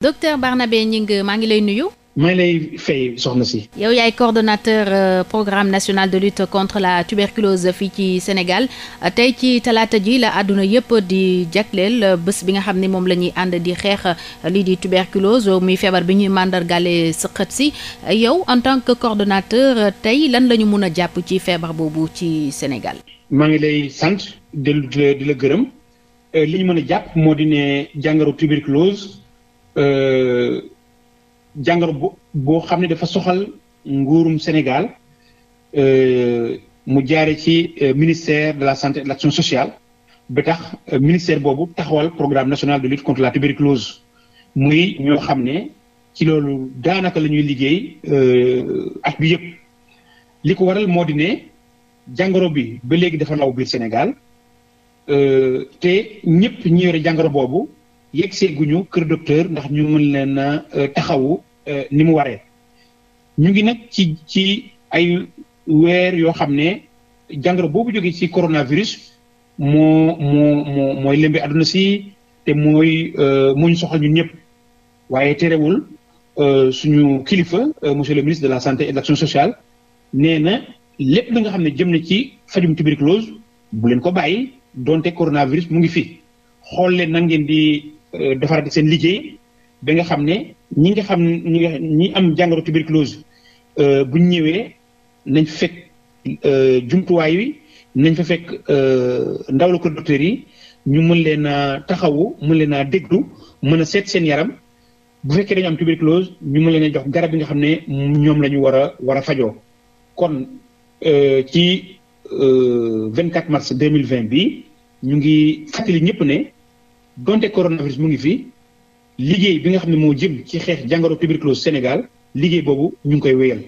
docteur Barnabé Gningue maa ngi lay nuyu. maa lay fay soxna si. yow yaay coordonnateur euh, programme national de lutte contre la tuberculose fii ci Sénégal euh, tey ci talaata ji la àdduna yëpp di jagleel euh, bés bi nga xam ni moom la ñuy ànd di xeex lii di tuberculose muy feebar bi ñuy màndargale sëqët si yow en tant que coordonnateur tey lan la ñu mun a jàpp ci feebar boobu ci Sénégal. maa ngi lay sant di la di la gërëm li ñu mën a jàpp moo di ne jàngoro tuberculose. Euh, jàngoro boo xam ne dafa soxal nguurum Sénégal euh, mu jaare ci euh, ministère de la santé de l'action sociale ba tax ministère boobu taxawal programme national de lutte contre la tuberculose muy ñoo xam ne ci loolu daanaka lañuy ñuy liggéey at bi yëpp li ko waral moo di ne jàngoro bi ba léegi dafa law biir Sénégal te ñëpp ñi yore jàngoro boobu yegg seeguñu kër docteur ndax ñu mën leen a euh, taxawu euh, ni mu waree ñu ngi nag ci ci ay weer yoo xam ne jàngoro boobu jógee ci coronavirus moo moo moo mooy lëmbe àdduna si te mooy euh, moo ñu soxal ñun ñëpp waaye terewul suñu kilifa monsieur le ministre de la santé et de l'action sociale nee na lépp li nga xam ne jëm na ci fajum tuberculose bu leen ko bàyyi donte coronavirus mu ngi fi xool leen nan ngeen di Euh, defaraat seen liggéey ba nga xam ne ñi nga xam ñi nga ñi am jàngoro tuberculose euh, bu ñu ñëwee nañ fekk euh, jumtuwaay wi nañ fa fekk ndaw la ko docteur yi ñu mën leen a taxawu mën leen a déglu mën a seet seen yaram bu fekkee dañu am tuberculose ñu mën leen jox garab yi nga xam ne ñoom la ñu war a war a fajoo kon ci 24 mars vingt bi ñu ngi fàttali ñëpp ne. donte coronavirus mu ngi fi liggéey bi nga xam ne moo jëm ci xeex jàngoro tuberculose Sénégal liggéey boobu ñu ngi koy wéyal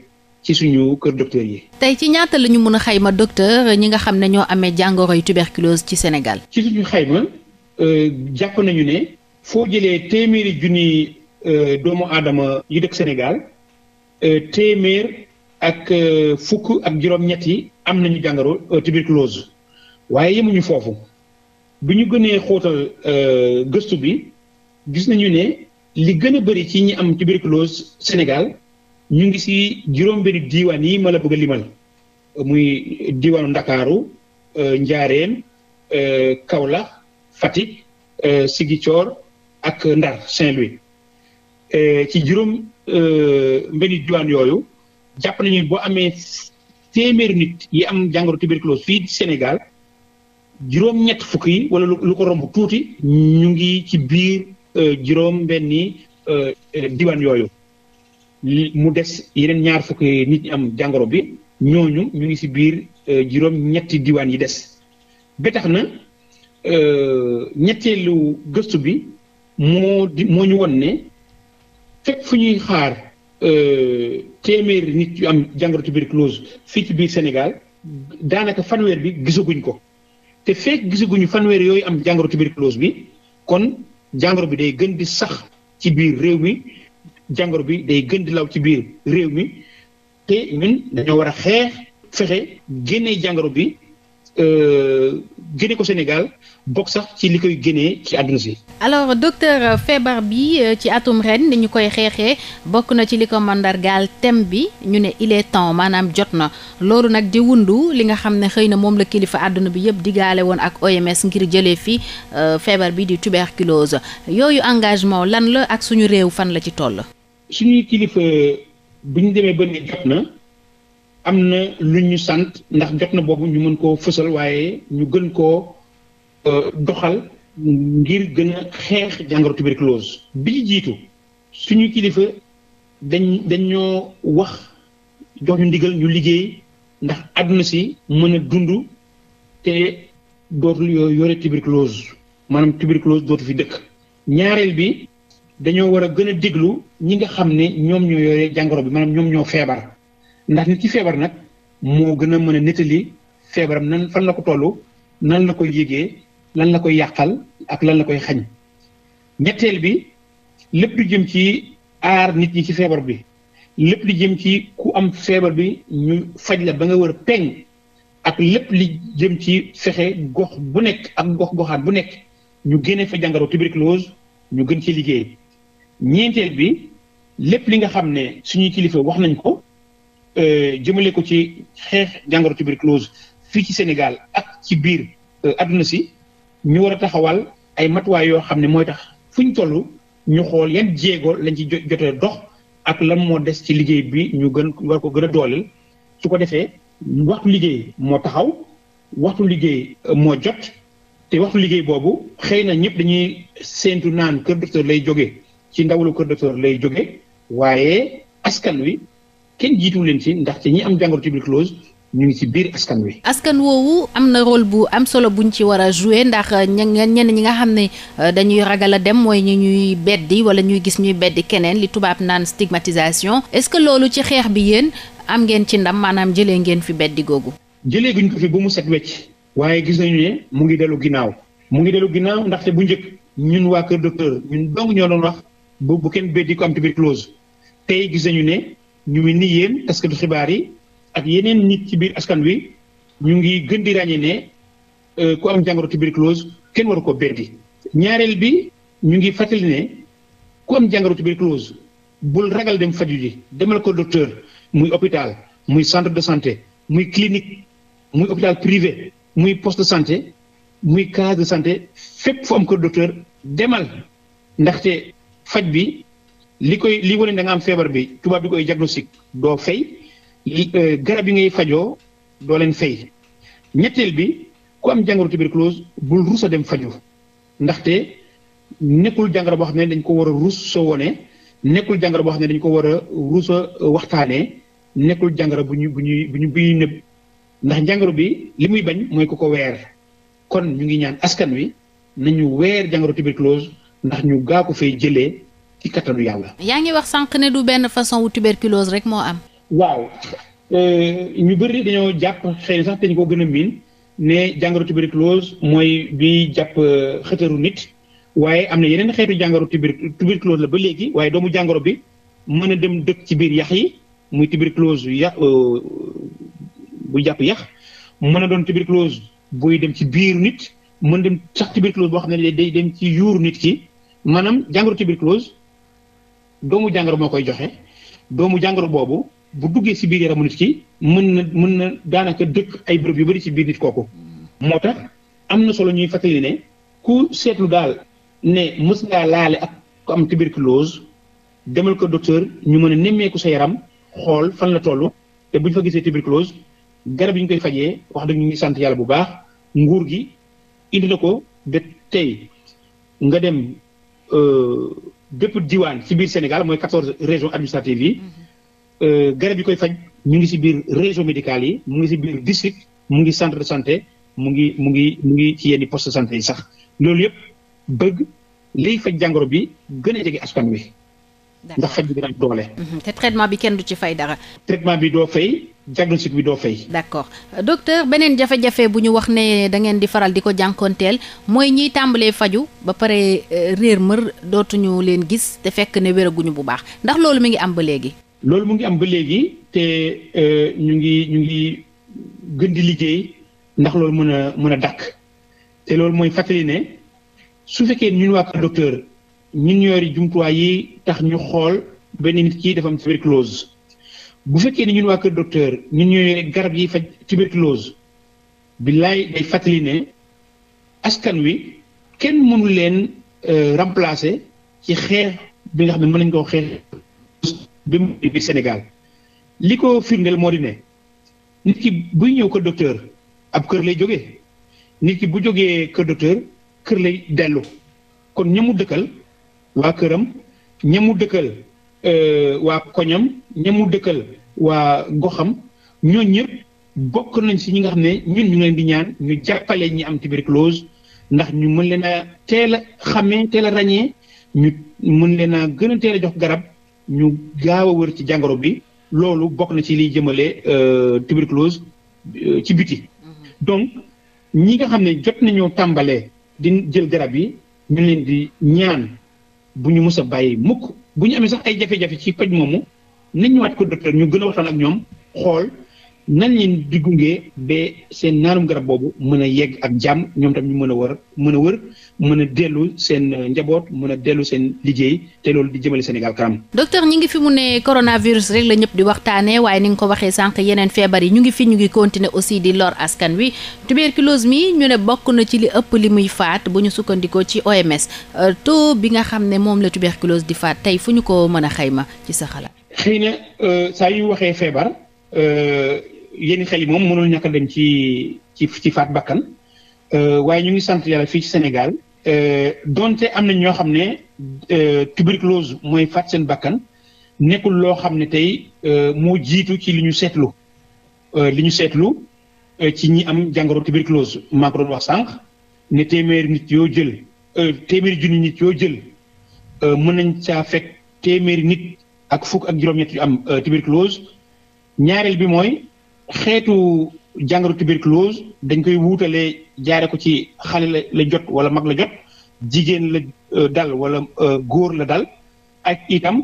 ci suñu kër docteur yi. tey ci ñaata la mën a xayma docteur ñi nga xam ne ñoo amee jàngoro yu tuberculose ci Sénégal. ci suñu xayma euh, jàpp nañu ne foo jëlee téeméeri junni euh, doomu aadama yu dëkk Sénégal euh, téeméer ak fukk ak juróom-ñett am nañu jàngoro tuberculose waaye yemuñu foofu. bi ñu gënee xóotal euh, gëstu bi gis nañu ne li gën a bëri ci ñi am tuberculose Sénégal ñu ngi si juróom-benni diiwaan yi ma la bëgg a limal muy diiwaanu Ndakaaru euh, Njaareem euh, Kaolack Fatick Ziguinchor ak Ndar Saint-Louis ci juróom benni diiwaan yooyu jàpp nañu boo amee téeméeri nit yi am jàngoro tuberculose fii Sénégal juróom-ñett fukk yi wala lu ko romb tuuti ñu ngi ci biir euh, juróom-benni euh, diwaan yooyu mu des yeneen ñaar fukk nit ñi am jàngoro bi ñooñu ñu ngi ci biir euh, juróom-ñetti diwaan yi des ba tax na ñetteelu gëstu bi moo di moo ñu won ne fekk fu ñuy xaar téeméeri nit yu am jàngoro tuberculose fii ci biir Sénégal daanaka fanweer bi gisaguñ ko. te fekk gisaguñu fanweer yooyu am jàngoro tuberculose bi kon jàngoro bi day gën di sax ci biir réew mi jàngoro bi day gën di law ci biir réew mi te ñun dañoo war a xeex fexe génne jàngoro bi Euh, génne ko Sénégal bokk sax ci li koy génnee ci àdduna si. alors docteur euh, feebar bi euh, ci atum ren ni koy xeexee bokk na ci li ko mandargaal thème bi ñu ne il temps maanaam jot na loolu nag di wundu li nga xam ne xëy na moom la kilifa àdduna bi yëpp digaale woon ak OMS ngir jëlee fi feebar bi di tuberculose yooyu engagement lan la ak suñu réew fan la ci toll. suñuy kilifa bu ñu demee ba ne jot na. am na lu ñu sant ndax jot na boobu ñu mën koo fësal waaye ñu gën koo euh, doxal ngir gën a xeex jàngoro tuberculose bi ci jiitu suñu kilifa dañ dañoo wax jox ñu ndigal ñu liggéey ndax àdduna si mën a dund te dootul yoo yore tuberculose maanaam tuberculose dootu fi dëkk ñaareel bi dañoo war a gën a diglu ñi nga xam ne ñoom ñoo yore jàngoro bi maanaam ñoom ñoo feebar ndax nit ci feebar nag moo gën a mën nettali feebaram nan fan la ko tollu nan la koy yégee lan la koy yàqal ak lan la koy xañ ñetteel bi lépp lu jëm ci aar nit ñi ci feebar bi lépp li jëm ci ku am feebar bi ñu faj la ba nga wër peng ak lépp li jëm ci fexe gox bu nekk ak gox goxaan bu nekk ñu génne fa jàngoro tuberculose ñu gën ci liggéey ñeenteel bi lépp li nga xam ne suñuy kilifa wax nañ ko Euh, jëmale ko ci xeex jàngoro tuberculose fii ci Sénégal ak ci biir adduna euh, si ñu war a taxawal ay matuwaay yoo xam ne mooy tax fu ñu toll ñu xool yan jéego lañ ci jotee dox ak lan moo des ci liggéey bi ñu gën war ko gën a dooleel su ko defee waxtu liggéey moo taxaw waxtu liggéey euh, moo jot te waxtu liggéey boobu xëy na ñëpp dañuy séentu naan kër docteur lay jóge ci ndawalu kër docteur lay jóge waaye askan wi kenn jiitu leen si ndaxte ñi am jàngoro tuberculose ñu ngi ci biir askan wi. askan woowu am na rôle bu am solo buñ ci war a jouer ndax ñenn ñenn ñi nga xam ne euh, dañuy ragal a dem mooy ñu ñuy beddi wala ñuy gis ñuy beddi keneen li tubaab naan stigmatisation est-ce que loolu ci xeex bi yéen am ngeen ci ndam maanaam jëlee ngeen fi beddi googu. jëlee guñ ko fi bu mu set wecc. waaye gis nañu ne mu ngi dellu ginnaaw. mu ngi dellu ginnaaw ndaxte bu njëkk ñun waa Kër Docteur ñun dong ñoo doon wax bu bu kenn beddi ko am tuberculose tey ne. ñu ngi ni yéen taskatu xibaar yi ak yeneen nit ci biir askan wi ñu ngi gën di ràññee ne euh, ku am jàngoro tuberculose kenn waru ko beddi ñaareel bi ñu ngi fàttali ne ku am jàngoro tuberculose bul ragal dem faju ji demal ko docteur muy hôpital muy centre de santé muy clinique muy hôpital privé muy post de santé muy case de santé fépp fu am ko docteur demal ndaxte faj bi li koy li wane danga am feebar bi tubaab bi koy diagnostic doo fay li euh, garab yi ngay fajoo doo leen fay ñetteel bi ku am jàngoro tuberculose bul rus a dem faju ndaxte nekkul jàngoro boo xam ne dañ ko war a rus soo wone nekkul jàngoro boo xam ne dañ ko war a rus a euh, waxtaanee nekkul jàngoro bu ñu ñuy bu ñu buy ndax jàngaro bi li muy bañ mooy ku ko weer kon ñu ngi ñaan askan wi nañu weer jàngoro tuberculose ndax ñu gaa ko fay jëlee ci kattanu yàlla. yaa ngi wax sànq ne du benn façon wu tuberculose rek moo am. waaw euh, ñu bëri dañoo jàpp xëy na sax dañu ko gën a miin ne jàngoro tuberculose mooy bi jàpp euh, xëtëru nit waaye am na yeneen xeetu jàngoro tuber tuberculose la ba léegi waaye doomu jàngoro bi mën a dem dëkk ci biir yax yi muy tuberculose ya euh, bu jàpp yax mën a doon tuberculose buy dem ci biiru nit mën dem sax tuberculose boo xam ne day dem ci yuuru nit ki maanaam jàngoro tuberculose doomu jàngoro moo koy joxe doomu jàngoro boobu bu duggee si biir yaramu nit ki mën na mën na daanaka dëkk ay bërëb yu bari ci biir nit kooku. moo tax am na solo ñuy fàttali ne ku seetlu daal ne mës ngaa laale ak ku am tuberculose demal ko docteur ñu mën a nemmeeku sa yaram xool fan la toll te bu ñu fa gisee tuberculose garab yi ñu koy fajee wax dëgg ñu ngi sant yàlla bu baax nguur gi indi na ko ba tey nga dem. Euh, dëpp diwaan ci biir Sénégal mooy quatorze régions administratives yi euh, garab yi koy faj ñu ngi ci biir région médicale yi mu ngi ci biir district mu ngi centre de santé mu ngi mu ngi mu ngi ci yenn poste de santé yi sax loolu yëpp bëgg liy faj jàngoro bi gën a jege askan wi ndax faj bi daal doole. Mhm. te traitement bi kenn du ci fay dara. traitement bi doo fay diagnostic bi doo fay. d' accord docteur beneen jafe-jafe bu ñu wax ne dangeen di faral di ko jànkoonteel mooy ñiy tàmbalee faju ba pare euh, réer mër dootuñu leen gis te fekk ne wéraguñu bu baax ndax loolu mi ngi am ba léegi. loolu mu ngi am ba léegi te euh, ñu ngi ñu ngi gën di liggéey ndax loolu mën a mën a dakk te loolu mooy fàttali ne su fekkee ñun waa docteur. ñun ñoo yori jumtuwaay yi tax ñu xool benn nit ki dafa am tuberculose bu fekkee ne waa kër docteur ñun ñoo garab yi faj tuberculose billaay day fàttali ne askan wi kenn mënu leen euh, remplacer ci xeex bi nga xam ne mën nañu ko xeex bi mu biir Sénégal li ko firndeel moo di nit ki buy ñëw kër docteur ab kër lay jóge nit ki bu jógee kër docteur kër lay dellu kon ñamu dëkkal. waa këram ñamu dëkkal euh, waa koñam ñamu dëkkal waa goxam ñooñ ñëpp bokk nañ si ñi nga xam ne ñun ñu ngi leen di ñaan ñu jàppale ñi am tuberculose ndax ñu mën leen a teel a xamee teel a ràññee ñu mën leen a gën a teel a jox garab ñu gaaw a wër ci jàngoro bi loolu bokk na ci liy jëmale euh, tuberculose euh, ci biti. Mm-hmm. donc ñi nga xam ne jot nañoo tàmbalee di jël garab yi ñu leen di ñaan. bu ñu mus a bàyyi mukk bu ñu amee sax ay jafe-jafe ci paj moomu nañ ñëwaat ko docteur ñu gën a waxtaan ak ñoom xool nan leen di gunge ba seen naanum garab boobu mën a yegg ak jàmm ñoom tam ñu mën a war mën a wër mën a dellu seen euh, njaboot mën a dellu seen liggéey te loolu di jëmale Sénégal kanam. docteur ñi ngi fi mu ne coronavirus rek la ñëpp di waxtaanee waaye ni nga ko waxee sànq yeneen feebar yi ñu ngi fi ñu ngi continuer aussi di lor askan wi tuberculose mi ñu ne bokk na ci li ëpp li muy faat bu ñu sukkandikoo ci OMS euh, taux bi nga xam ne moom la tuberculose di faat tey fu ñu ko mën a xayma ci sa xalaat. xëy na euh, saa waxee feebar. Euh, yenn xel yi moom mënul ñàkk a dem ci ci ci faat bakkan euh, waaye ñu ngi sant yàlla fii ci Sénégal euh, donte am na ñoo xam ne tuberculose mooy faat seen bakkan nekkul loo xam ne tey moo jiitu ci li ñu seetlu li ñu seetlu ci ñi am jàngoro tuberculose maa ko sànq ne téeméeri nit yoo jël téeméeri junni nit yoo jël mën nañ caa fekk téeméeri nit ak fukk ak juróom-ñett yu am tuberculose. ñaareel bi mooy xeetu jàngaro tuberculose dañ koy wuutalee jaare ko ci xale la jot wala mag la jot jigéen la euh, dal wala euh, góor la dal ak itam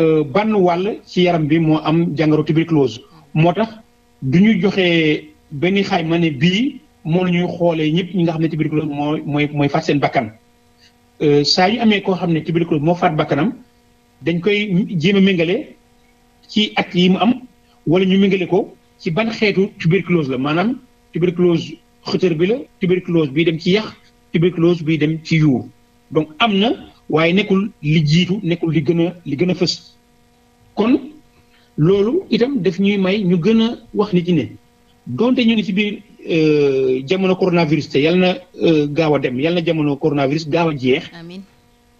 euh, ban wàll ci yaram bi moo am jàngoro tuberculose moo tax du ñu joxe benn ma ne bii moo la ñuy xoolee ñëpp ñi nga xam ne tuberculose moo mooy mooy faat seen bakkan saa ñu amee koo xam ne tuberculose moo faat bakkanam dañ koy jéem méngale ci at yi mu am wala ñu méngale ko ci ban xeetu tuberculose la maanaam tuberculose xëtër bi la tuberculose bii dem ci yax tuberculose bii dem ci yuur donc am na waaye nekkul li jiitu nekkul li gën a li gën a fës kon loolu itam daf ñuy may ñu gën a wax nit ñi ne donte ñu ngi ci biir euh, jamono coronavirus te yal na euh, gaaw a dem yal na jamono coronavirus gaaw a jeex. amiin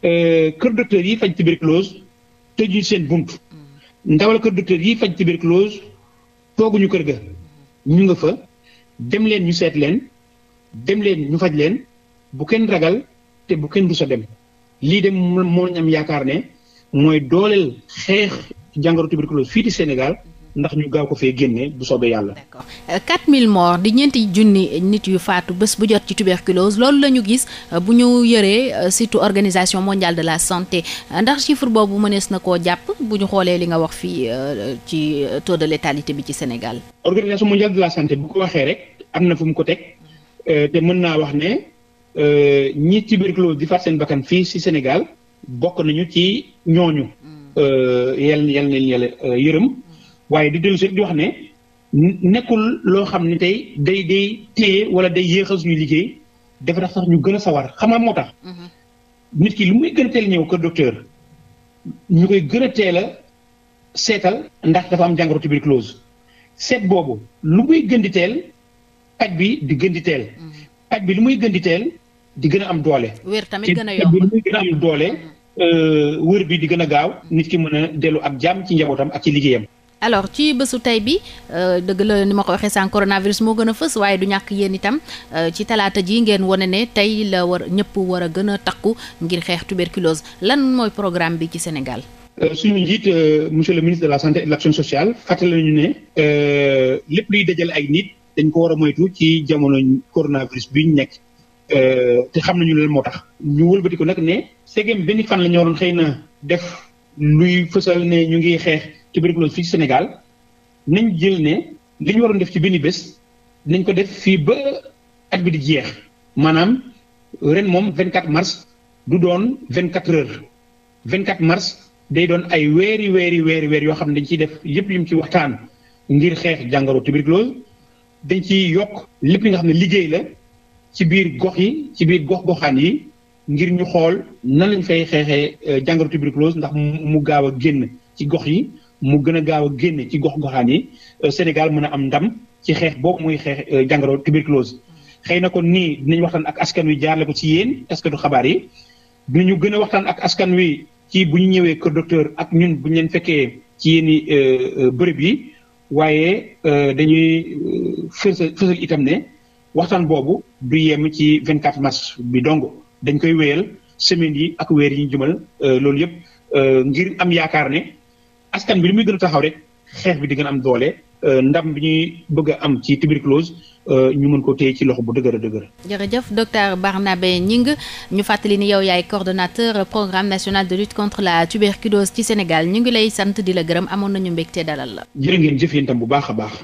euh, kër docteur yi faj tuberculose ju seen bunt. ndawal kër docteur yi faj tuberculose tooguñu kër ga ñu nga fa dem leen ñu seet leen dem leen ñu faj leen bu kenn ragal te bu kenn du sa dem lii dem moo ñu yaakaar ne mooy dooleel xeex jàngoro tuberculose fii ci Sénégal ndax ñu gaaw ko fee génnee bu soobee yàlla. d'accord euh, mille morts di ñeenti junni nit yu faatu bés bu jot ci tuberculose loolu la ñu gis euh, bu ñu yëree euh, surtout organisation mondiale de la santé ndax chiffre boobu mënees na koo jàpp bu ñu xoolee li nga wax fii ci taux de létalité bi ci Sénégal. organisation mondiale de la santé bu ko waxee rek am na fu mu ko teg te mën naa wax ne ñi tuberculose di faat seen bakkan fii si Sénégal bokk nañu ci ñooñu. Mm. yal na yërëm. waaye di dellu si di wax ne nekkul loo xam ne tey day day téye wala day yéexal suñu liggéey dafa tax sax ñu gën a sawar xam moo tax. Mm-hmm. nit ki lu muy gën a teel ñëw kër docteur ñu koy gën a teel a seetal ndax dafa am jàngoro tuberculose seet boobu lu muy gën di teel paj bi di gën di teel. Mm-hmm. paj bi lu muy gën di teel di gën a am doole. wér tamit gën a yomb bi lu mm-hmm. euh, wër bi di gën a gaaw nit ki mën a dellu ak jàmm ci njabootam ak ci liggéeyam. alors ci bésu tey bi euh, dëgg la ni ma ko waxee sànq coronavirus moo gën a fës waaye du ñàkk yéen itam euh, ci talaata ji ngeen wane ne tey la war ñëpp war a gën a takku ngir xeex tuberculose lan mooy programme bi ci Sénégal. Euh, suñu njiit monsieur le ministre de la santé de l'action sociale fàttali nañu ne lépp luy dajale ay nit dañ ko war a moytu ci jamono coronavirus bi ñu nekk te xam nañu lan moo tax. ñu wëlbati ko nag ne segem benn fan la ñu waroon xëy na def. luy fësal ne ñu ngi xeex tuberculose fii Sénégal nañ jël ne li ñu waroon def ci benn bés nañ ko def fii ba at bi di jeex maanaam ren moom 24 mars du doon 24 heures 24 mars day doon ay weeri weeri weeri weer yoo xam ne dañ ciy def yëpp yu mu ci waxtaan ngir xeex jàngoro tuberculose dañ ciy yokk lépp li nga xam ne liggéey la ci biir gox yi ci biir gox goxaan yi. ngir ñu xool nan lañ fay xeexee euh, jàngoro tuberculose ndax mu gaaw a génn ci gox yi mu gën a gaaw a génn ci gox goxaan yi euh, Sénégal mën a am ndam ci xeex boobu muy xeex euh, jàngoro tuberculose. xëy na kon nii dinañ waxtaan ak askan wi jaarale ko ci yéen askanu xabaar yi dinañu gën a waxtaan ak askan wi ci bu ñu ñëwee kër docteur ak ñun bu ñu leen fekkee ci yéen i bërëb yi waaye dañuy fësal fësal itam ne waxtaan boobu du yem ci 24 mars bi dong. dañ koy wéyal semaines yi ak weer yi ñu jumal euh, loolu yëpp euh, ngir am yaakaar ne askan bi lu muy gën taxaw rek xeex bi di gën a am doole euh, ndam bi ñuy bëgg a am ci tuberculose ñu mën ko téye ci loxo bu dëgër a dëgër. jërëjëf docteur Barnabé Gningue ñu fàttali ni yow yaay coordonnateur programme national de lutte contre la tuberculose ci Sénégal ñu ngi lay sant di la gërëm amoon nañu mbégte dalal la. jërë ngeen jëf yéen tam bu baax a baax.